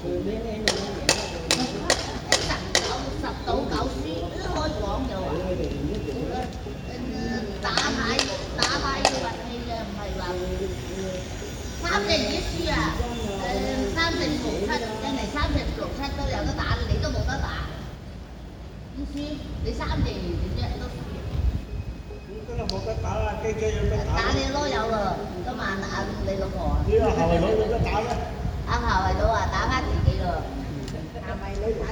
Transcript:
十九十賭九輸，開網又話打牌要打牌要運氣嘅，唔係話三成二輸啊！誒三成六七人哋三成六七都有得打，你都冇得打。輸，你三成二點啫，都輸。咁真係冇得打啊！機車要飛下。打你咯，有啦！今晚打你老婆啊！